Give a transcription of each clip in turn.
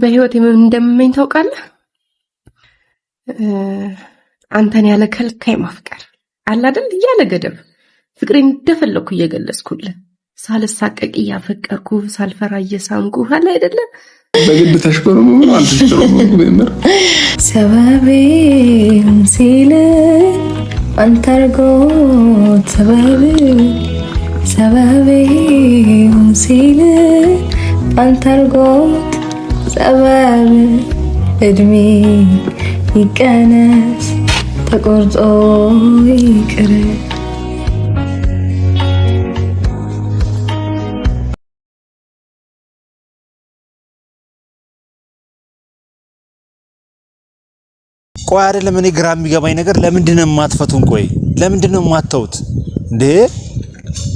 በህይወት የምን እንደምመኝ ታውቃለህ? አንተን ያለ ከልካይ ማፍቀር አላደል እያለ ገደብ ፍቅሬ እንደፈለግኩ እየገለጽኩልህ ሳልሳቀቅ እያፈቀርኩ ሳልፈራ እየሳምኩ አለ አይደለ በግድ ተሽበሩ አልተሽበሩ ሰበቤም ሲል አንተርጎ ሰበቤ ሰበቤም ሲል አንተርጎት ጸበብ እድሜ ይቀነስ ተቆርጦ ይቅር። ቆይ አይደለም፣ እኔ ግራ የሚገባኝ ነገር ለምንድነው የማትፈቱን? ቆይ ለምንድን ነው የማትተውት እንዴ?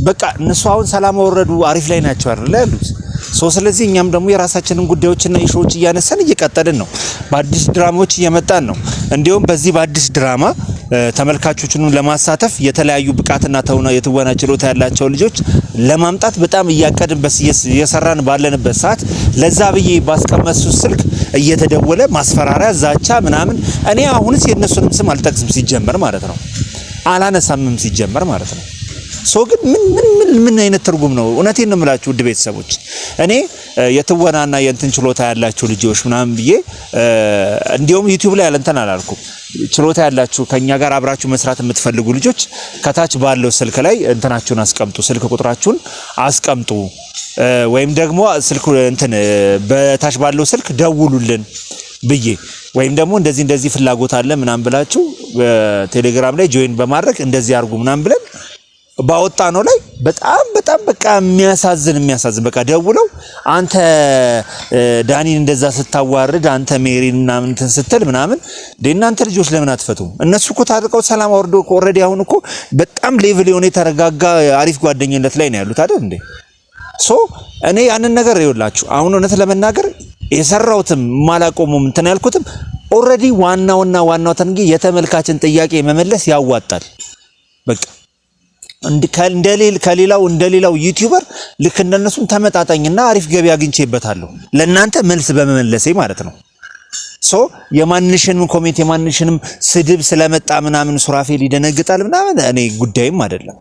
በቃ እነሱ አሁን ሰላም ወረዱ አሪፍ ላይ ናቸው አይደል ያሉት። ሶ ስለዚህ እኛም ደግሞ የራሳችንን ጉዳዮችና ኢሹዎች እያነሳን እየቀጠልን ነው። በአዲስ ድራማዎች እየመጣን ነው። እንዲሁም በዚህ በአዲስ ድራማ ተመልካቾቹን ለማሳተፍ የተለያዩ ብቃትና ተውና የትወና ችሎታ ያላቸው ልጆች ለማምጣት በጣም እያቀድንበት እየሰራን ባለንበት ሰዓት ለዛ ብዬ ባስቀመሱ ስልክ እየተደወለ ማስፈራሪያ፣ ዛቻ ምናምን እኔ አሁንስ የእነሱንም ስም አልጠቅስም ሲጀመር ማለት ነው አላነሳምም ሲጀመር ማለት ነው። ሶ ግን ምን ምን ምን ምን አይነት ትርጉም ነው? እውነቴን ነው የምላችሁ ውድ ቤተሰቦች፣ እኔ የትወናና የእንትን ችሎታ ያላችሁ ልጆች ምናምን ብዬ እንዲሁም ዩቲዩብ ላይ አለንተን አላልኩም። ችሎታ ያላችሁ ከኛ ጋር አብራችሁ መስራት የምትፈልጉ ልጆች ከታች ባለው ስልክ ላይ እንትናችሁን አስቀምጡ፣ ስልክ ቁጥራችሁን አስቀምጡ፣ ወይም ደግሞ ስልክ እንትን በታች ባለው ስልክ ደውሉልን ብዬ ወይም ደግሞ እንደዚህ እንደዚህ ፍላጎት አለ ምናምን ብላችሁ ቴሌግራም ላይ ጆይን በማድረግ እንደዚህ አርጉ ምናምን ብለን ባወጣ ነው ላይ በጣም በጣም በቃ የሚያሳዝን የሚያሳዝን በቃ ደውለው አንተ ዳኒን እንደዛ ስታዋርድ አንተ ሜሪን ምናምን እንትን ስትል ምናምን እናንተ ልጆች ለምን አትፈቱ? እነሱ እኮ ታርቀው ሰላም አወርዶ ኦልሬዲ አሁን እኮ በጣም ሌቭል የሆነ የተረጋጋ አሪፍ ጓደኝነት ላይ ነው ያሉት አይደል እንዴ? ሶ እኔ ያንን ነገር ይኸውላችሁ አሁን እውነት ለመናገር የሰራሁትም ማላቆሙም እንትን ያልኩትም ኦልሬዲ ዋናውና ዋናው ተንጌ የተመልካችን ጥያቄ መመለስ ያዋጣል በቃ ከሌላው እንደሌላው ዩቲዩበር ልክ እንደነሱም ተመጣጣኝና አሪፍ ገቢ አግኝቼበታለሁ ለእናንተ መልስ በመመለሴ ማለት ነው። ሶ የማንሽንም ኮሜንት የማንሽንም ስድብ ስለመጣ ምናምን ሱራፌል ይደነግጣል ምናምን እኔ ጉዳይም አይደለም።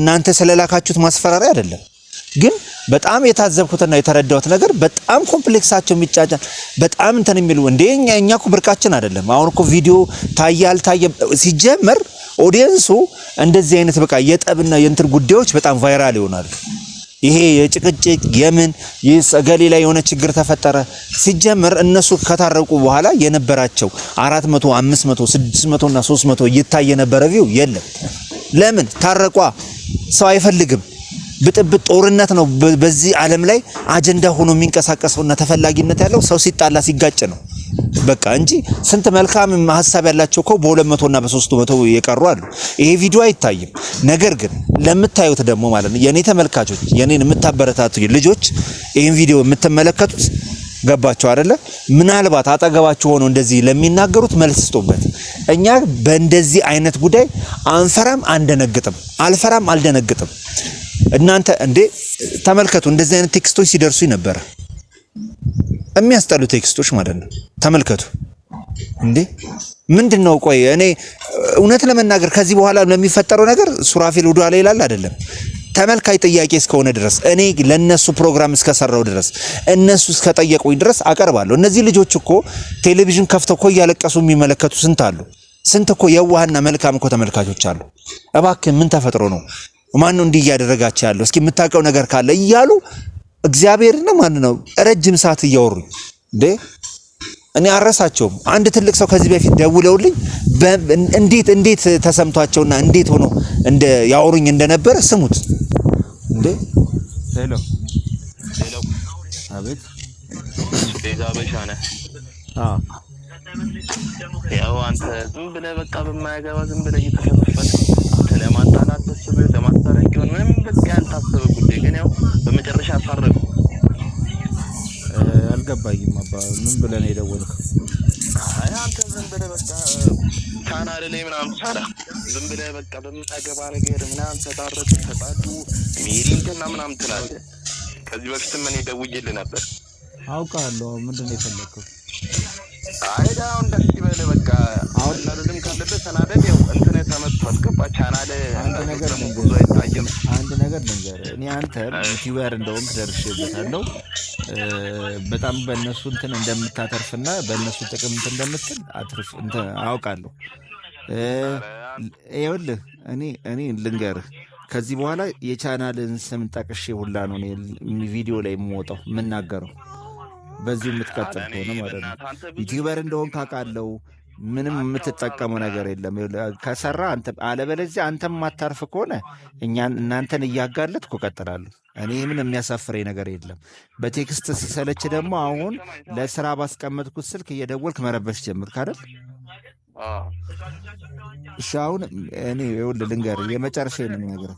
እናንተ ስለላካችሁት ማስፈራሪያ አይደለም። ግን በጣም የታዘብኩትና የተረዳሁት ነገር በጣም ኮምፕሌክሳቸው የሚጫጫን በጣም እንትን የሚሉ እንደ እኛ እኮ ብርቃችን አይደለም። አሁን እኮ ቪዲዮ ታየ አልታየ ሲጀመር ኦዲየንሱ እንደዚህ አይነት በቃ የጠብና የእንትን ጉዳዮች በጣም ቫይራል ይሆናሉ። ይሄ የጭቅጭቅ የምን ገሌ ላይ የሆነ ችግር ተፈጠረ ሲጀምር እነሱ ከታረቁ በኋላ የነበራቸው 400፣ 500፣ 600 እና 300 ይታይ የነበረ ቪው የለም። ለምን ታረቋ? ሰው አይፈልግም። ብጥብጥ ጦርነት ነው በዚህ ዓለም ላይ አጀንዳ ሆኖ የሚንቀሳቀሰውና ተፈላጊነት ያለው ሰው ሲጣላ ሲጋጭ ነው። በቃ እንጂ ስንት መልካም ሀሳብ ያላቸው እኮ በሁለት መቶ እና በሶስት መቶ የቀሩ አሉ። ይሄ ቪዲዮ አይታይም። ነገር ግን ለምታዩት ደግሞ ማለት ነው የኔ ተመልካቾች፣ የኔን የምታበረታቱ ልጆች ይህን ቪዲዮ የምትመለከቱት ገባቸው አይደለ? ምናልባት አጠገባቸው ሆነው እንደዚህ ለሚናገሩት መልስ ስጡበት። እኛ በእንደዚህ አይነት ጉዳይ አንፈራም፣ አንደነግጥም። አልፈራም፣ አልደነግጥም። እናንተ እንዴ ተመልከቱ፣ እንደዚህ አይነት ቴክስቶች ሲደርሱ ነበረ። የሚያስጠሉ ቴክስቶች ማለት ነው። ተመልከቱ እንዴ ምንድን ነው? ቆይ እኔ እውነት ለመናገር ከዚህ በኋላ ለሚፈጠረው ነገር ሱራፌል ወደ ኋላ ይላል አይደለም። ተመልካይ ጥያቄ እስከሆነ ድረስ እኔ ለነሱ ፕሮግራም እስከሰራው ድረስ እነሱ እስከጠየቁኝ ድረስ አቀርባለሁ። እነዚህ ልጆች እኮ ቴሌቪዥን ከፍተው እኮ እያለቀሱ የሚመለከቱ ስንት አሉ። ስንት እኮ የዋህና መልካም እኮ ተመልካቾች አሉ። እባክህ ምን ተፈጥሮ ነው? ማን ነው እንዲህ እያደረጋቸው ያለው? እስኪ የምታውቀው ነገር ካለ እያሉ እግዚአብሔር ነው ማን ነው? ረጅም ሰዓት እያወሩኝ እንዴ እኔ አረሳቸውም። አንድ ትልቅ ሰው ከዚህ በፊት ደውለውልኝ እንዴት እንዴት ተሰምቷቸውና እንዴት ሆኖ እንደ ያወሩኝ እንደነበረ ስሙት። እንዴ ሄሎ ሄሎ፣ አቤት ቤዛ በሻ ነህ? አዎ ያው አንተ ዝም ብለህ በቃ በማያገባ ዝም ብለህ እየተከፈፈ ስለማጣና ለማሰብ ለማስታረቅ ይሆን ምንም በቃ ያልታሰበ ጉዳይ ግን ያው በመጨረሻ አሳረቁ። አልገባኝም አባ ምን ብለን ነው የደወልከው? አንተ ዝም ብለህ በቃ ቻናል ላይ ምናምን ሳላ ዝም ብለህ በቃ በምታገባ ነገር ምናምን ተጣረቁ፣ ተጣሉ፣ ሜሪ እንትና ምናምን ትላለህ። ከዚህ በፊትም እኔ ደውዬልህ ነበር። አውቃለሁ። ምንድን ነው የፈለግከው? አይዳው እንደዚህ በለ በቃ አሁን ናደድም ካለበት ተናደድ። ያው እንትን ተመቷል። ገባ ቻናል አንድ ነገር ብዙ አይታየም። አንድ ነገር ነገር እኔ አንተ ዩቲዩበር እንደውም ደርሼበታለሁ። በጣም በእነሱ እንትን እንደምታተርፍና በእነሱ ጥቅም እንትን እንደምትል አትርፍ እንትን አውቃለሁ። ይኸውልህ እኔ እኔ ልንገርህ ከዚህ በኋላ የቻናልን ስም ጠቅሼ ሁላ ነው ቪዲዮ ላይ የምወጣው የምናገረው በዚሁ የምትቀጥል ከሆነ ማለት ነው። ዩቲዩበር እንደሆን ካቃለው ምንም የምትጠቀመው ነገር የለም። ከሰራ አለበለዚያ አንተም ማታርፍ ከሆነ እናንተን እያጋለጥኩ እቀጥላለሁ። እኔ ምን የሚያሳፍረኝ ነገር የለም። በቴክስት ሲሰለች ደግሞ አሁን ለስራ ባስቀመጥኩት ስልክ እየደወልክ መረበሽ ጀምርክ አይደል? እሺ አሁን እኔ ይኸውልህ ልንገርህ የመጨረሻ ነገር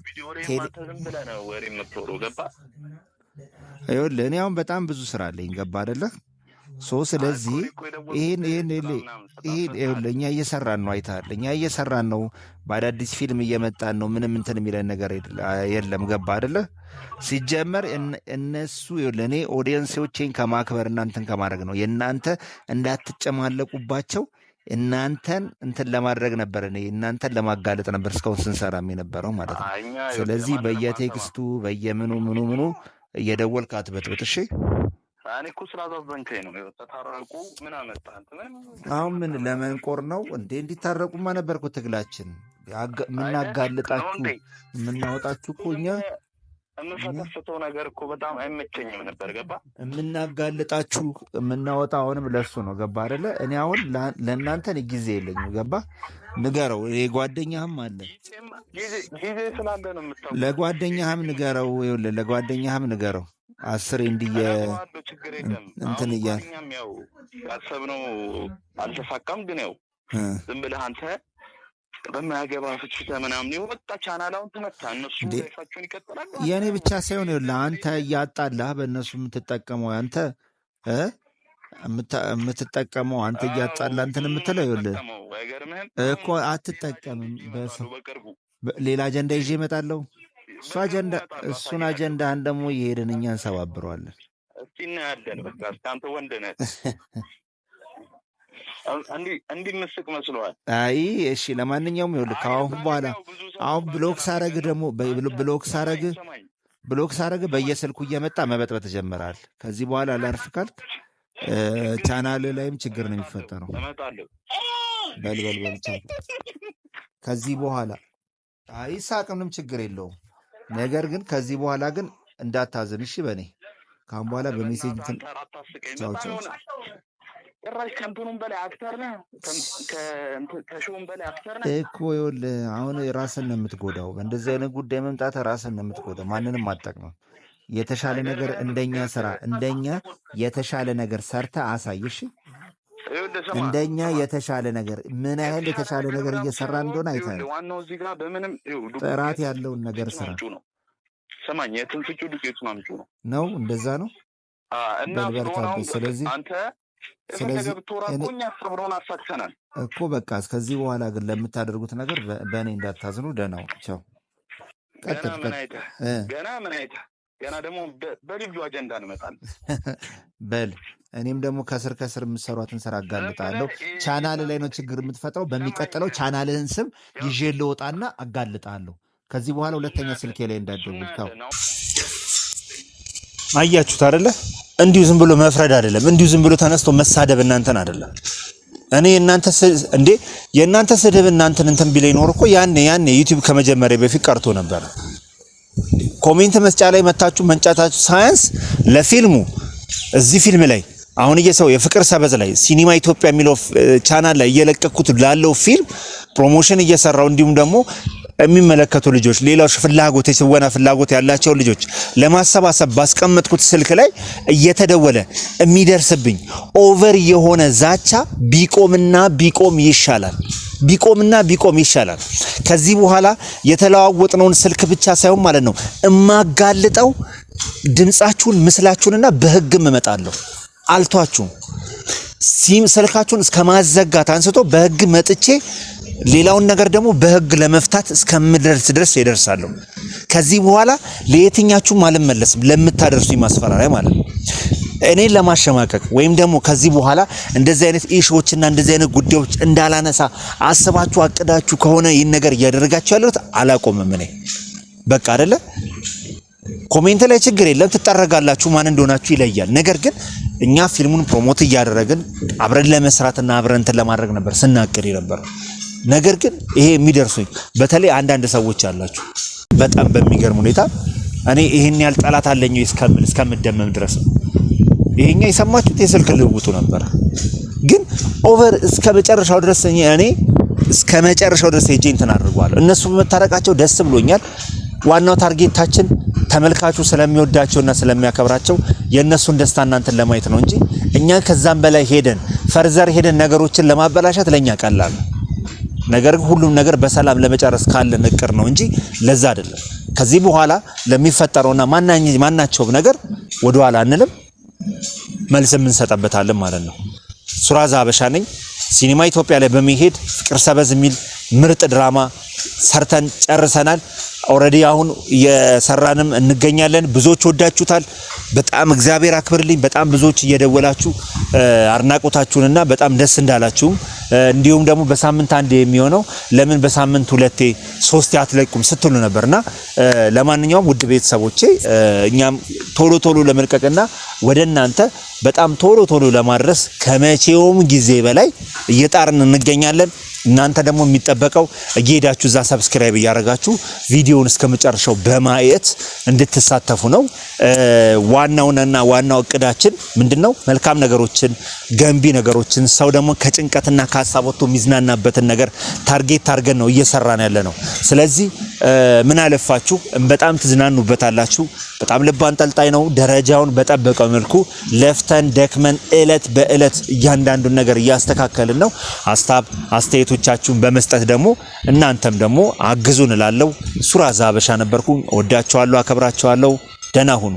ይኸውልህ እኔ አሁን በጣም ብዙ ስራ አለኝ። ገባ አደለ ሶ ስለዚህ ይህን ይህን ይህን እኛ እየሰራን ነው። አይተሃል፣ እኛ እየሰራን ነው። በአዳዲስ ፊልም እየመጣን ነው። ምንም እንትን የሚለን ነገር የለም። ገባ አደለ ሲጀመር እነሱ እኔ ኦዲየንሴዎቼን ከማክበር እናንተን ከማድረግ ነው። የእናንተ እንዳትጨማለቁባቸው እናንተን እንትን ለማድረግ ነበር። እኔ እናንተን ለማጋለጥ ነበር እስካሁን ስንሰራም የነበረው ማለት ነው። ስለዚህ በየቴክስቱ በየምኑ ምኑ ምኑ እየደወልክ አትበጥብጥ። እኔ እኮ ስላዛዘንከኝ ነው። ተታረቁ ምን አሁን ምን ለመንቆር ነው እንዴ? እንዲታረቁማ ነበርኩ ትግላችን። የምናጋልጣችሁ የምናወጣችሁ እኮ እኛ የምፈተፍተው ነገር እኮ በጣም አይመቸኝም ነበር። ገባ የምናጋልጣችሁ የምናወጣ አሁንም ለሱ ነው። ገባ አደለ? እኔ አሁን ለእናንተን ጊዜ የለኝም። ገባ ንገረው። የጓደኛህም አለ ጊዜ ስላለ ነው የምታ ለጓደኛህም ንገረው፣ ለጓደኛህም ንገረው። አስር እንዲየ እንትን እያል ያው ያሰብነው አልተሳካም፣ ግን ያው ዝም ብለህ አንተ በማያገባ ፍችተ ምናምን የወጣ ቻናል አሁን ትመታ። እነሱ ራሳቸውን ይቀጥላል። የእኔ ብቻ ሳይሆን ለአንተ እያጣላህ በእነሱ የምትጠቀመው አንተ የምትጠቀመው አንተ እያጣላ እንትን የምትለው ይኸውልህ እኮ አትጠቀምም። ሌላ አጀንዳ ይዤ እመጣለሁ። እሱ አጀንዳ እሱን አጀንዳህን ደግሞ እየሄድን እኛ እንሰባብረዋለን። እስኪ እናያለን። በቃ አንተ ወንድ ነህ እንዲንስቅ መስለዋል። አይ እሺ፣ ለማንኛውም ይኸውልህ ከአሁን በኋላ አሁን ብሎክ ሳረግ ደግሞ ብሎክ ሳረግ ብሎክ ሳረግ በየስልኩ እየመጣ መበጥበጥ ጀመራል። ከዚህ በኋላ ላርፍ ካልክ ቻናል ላይም ችግር ነው የሚፈጠረው። በልበልበል ከዚህ በኋላ አይ ሳቅምንም ችግር የለውም። ነገር ግን ከዚህ በኋላ ግን እንዳታዘን እሺ። በእኔ ካሁን በኋላ በሜሴጅ ጭራሽ ከእንትኑም በላይ አክተር ነህ፣ ከሾውም በላይ አክተር ነህ እኮ። ይኸውልህ አሁን ራስን ነው የምትጎዳው። እንደዚህ አይነት ጉዳይ መምጣት ራስን ነው የምትጎዳው። ማንንም አጠቅመም። የተሻለ ነገር እንደኛ ስራ፣ እንደኛ የተሻለ ነገር ሰርተ አሳይሽ። እንደኛ የተሻለ ነገር ምን ያህል የተሻለ ነገር እየሰራ እንደሆነ አይተህ ዋናው እዚህ ጋር በምንም ጥራት ያለውን ነገር ስራ ሰማኝ። የትንፍጩ ዱቄቱን አምጪው ነው ነው እንደዛ ነው በልበርታቤ ስለዚህ አንተ ስለዚህ እኛ አሳክተናል እኮ በቃ። ከዚህ በኋላ ግን ለምታደርጉት ነገር በእኔ እንዳታዝኑ። ደህና ቸው ገና ምን አይተህ ገና ምን አይተህ ገና ደግሞ በልዩ አጀንዳ እንመጣለን። በል እኔም ደግሞ ከስር ከስር የምሰሯትን ስራ አጋልጣለሁ። ቻናል ላይ ነው ችግር የምትፈጥረው። በሚቀጥለው ቻናልህን ስም ይዤ ልወጣና አጋልጣለሁ። ከዚህ በኋላ ሁለተኛ ስልኬ ላይ እንዳትደውል። አያችሁት አደለ እንዲሁ ዝም ብሎ መፍረድ አይደለም። እንዲሁ ዝም ብሎ ተነስቶ መሳደብ እናንተን አይደለም። እኔ እናንተ እንዴ የእናንተ ስድብ እናንተን እንትን ቢለኝ ኖር እኮ ያኔ ያኔ ዩቲዩብ ከመጀመሪያ በፊት ቀርቶ ነበረ። ኮሜንት መስጫ ላይ መታችሁ መንጫታችሁ ሳያንስ ለፊልሙ እዚህ ፊልም ላይ አሁን እየሰው የፍቅር ሰበዝ ላይ ሲኒማ ኢትዮጵያ የሚለው ቻናል ላይ እየለቀኩት ላለው ፊልም ፕሮሞሽን እየሰራው እንዲሁም ደግሞ የሚመለከቱ ልጆች ሌላዎች ፍላጎት የስወና ፍላጎት ያላቸው ልጆች ለማሰባሰብ ባስቀመጥኩት ስልክ ላይ እየተደወለ የሚደርስብኝ ኦቨር የሆነ ዛቻ ቢቆምና ቢቆም ይሻላል። ቢቆምና ቢቆም ይሻላል። ከዚህ በኋላ የተለዋወጥነውን ስልክ ብቻ ሳይሆን ማለት ነው እማጋልጠው ድምጻችሁን፣ ምስላችሁንና በህግም እመጣለሁ። አልቷችሁ ሲም ስልካችሁን እስከ ማዘጋት አንስቶ በህግ መጥቼ ሌላውን ነገር ደግሞ በህግ ለመፍታት እስከምደርስ ድረስ ይደርሳለሁ። ከዚህ በኋላ ለየትኛችሁም አልመለስም ለምታደርሱ ማስፈራሪያ ማለት ነው። እኔን ለማሸማቀቅ ወይም ደግሞ ከዚህ በኋላ እንደዚህ አይነት ኢሾዎችና እንደዚህ አይነት ጉዳዮች እንዳላነሳ አስባችሁ አቅዳችሁ ከሆነ ይህን ነገር እያደረጋችሁ ያለሁት አላቆምም። እኔ በቃ አይደለ ኮሜንት ላይ ችግር የለም ትጠረጋላችሁ፣ ማን እንደሆናችሁ ይለያል። ነገር ግን እኛ ፊልሙን ፕሮሞት እያደረግን አብረን ለመስራትና አብረን እንትን ለማድረግ ነበር ስናቅድ ነበር። ነገር ግን ይሄ የሚደርሱኝ በተለይ አንዳንድ ሰዎች አላችሁ በጣም በሚገርም ሁኔታ እኔ ይሄን ያህል ጠላት አለኝ እስከምን እስከምደመም ድረስ ነው። ይሄኛ የሰማችሁት የስልክ ልውውጡ ነበረ፣ ግን ኦቨር እስከ መጨረሻው ድረስ እኔ እስከ መጨረሻው ድረስ ሄጄ እንትን አድርጓለሁ። እነሱ በመታረቃቸው ደስ ብሎኛል። ዋናው ታርጌታችን ተመልካቹ ስለሚወዳቸውና ስለሚያከብራቸው የእነሱን ደስታ እናንተን ለማየት ነው እንጂ እኛ ከዛም በላይ ሄደን ፈርዘር ሄደን ነገሮችን ለማበላሸት ለኛ ቀላል ነገር ግን ሁሉም ነገር በሰላም ለመጨረስ ካለን እቅር ነው እንጂ ለዛ አይደለም። ከዚህ በኋላ ለሚፈጠረውና ማናቸውም ነገር ወደኋላ አንልም፣ መልስም እንሰጠበታለን ማለት ነው። ሱራዛ ሀበሻ ነኝ። ሲኒማ ኢትዮጵያ ላይ በመሄድ ፍቅር ሰበዝ የሚል ምርጥ ድራማ ሰርተን ጨርሰናል። ኦልሬዲ አሁን እየሰራንም እንገኛለን። ብዙዎች ወዳችሁታል። በጣም እግዚአብሔር አክብርልኝ። በጣም ብዙዎች እየደወላችሁ አድናቆታችሁንና በጣም ደስ እንዳላችሁም እንዲሁም ደግሞ በሳምንት አንድ የሚሆነው ለምን በሳምንት ሁለቴ ሶስቴ አትለቁም ስትሉ ነበርና ለማንኛውም ውድ ቤተሰቦቼ እኛም ቶሎ ቶሎ ለመልቀቅና ወደ እናንተ በጣም ቶሎ ቶሎ ለማድረስ ከመቼውም ጊዜ በላይ እየጣርን እንገኛለን። እናንተ ደግሞ የሚጠበቀው እየሄዳችሁ እዛ ሰብስክራይብ እያደረጋችሁ ቪዲዮውን እስከ መጨረሻው በማየት እንድትሳተፉ ነው። ዋናውንና ዋናው እቅዳችን ምንድን ነው? መልካም ነገሮችን፣ ገንቢ ነገሮችን ሰው ደግሞ ከጭንቀትና ከሀሳብ ወጥቶ የሚዝናናበትን ነገር ታርጌት ታርገን ነው እየሰራን ያለ ነው። ስለዚህ ምን አለፋችሁ በጣም ትዝናኑበታላችሁ። በጣም ልብ አንጠልጣይ ነው። ደረጃውን በጠበቀ መልኩ ለፍተን ደክመን እለት በእለት እያንዳንዱን ነገር እያስተካከልን ነው። ሀሳብ አስተያየቶቻችሁን በመስጠት ደግሞ እናንተም ደግሞ አግዙን እላለሁ። ሱራ ዛበሻ ነበርኩ። ወዳችኋለሁ፣ አከብራችኋለሁ። ደህና ሁኑ።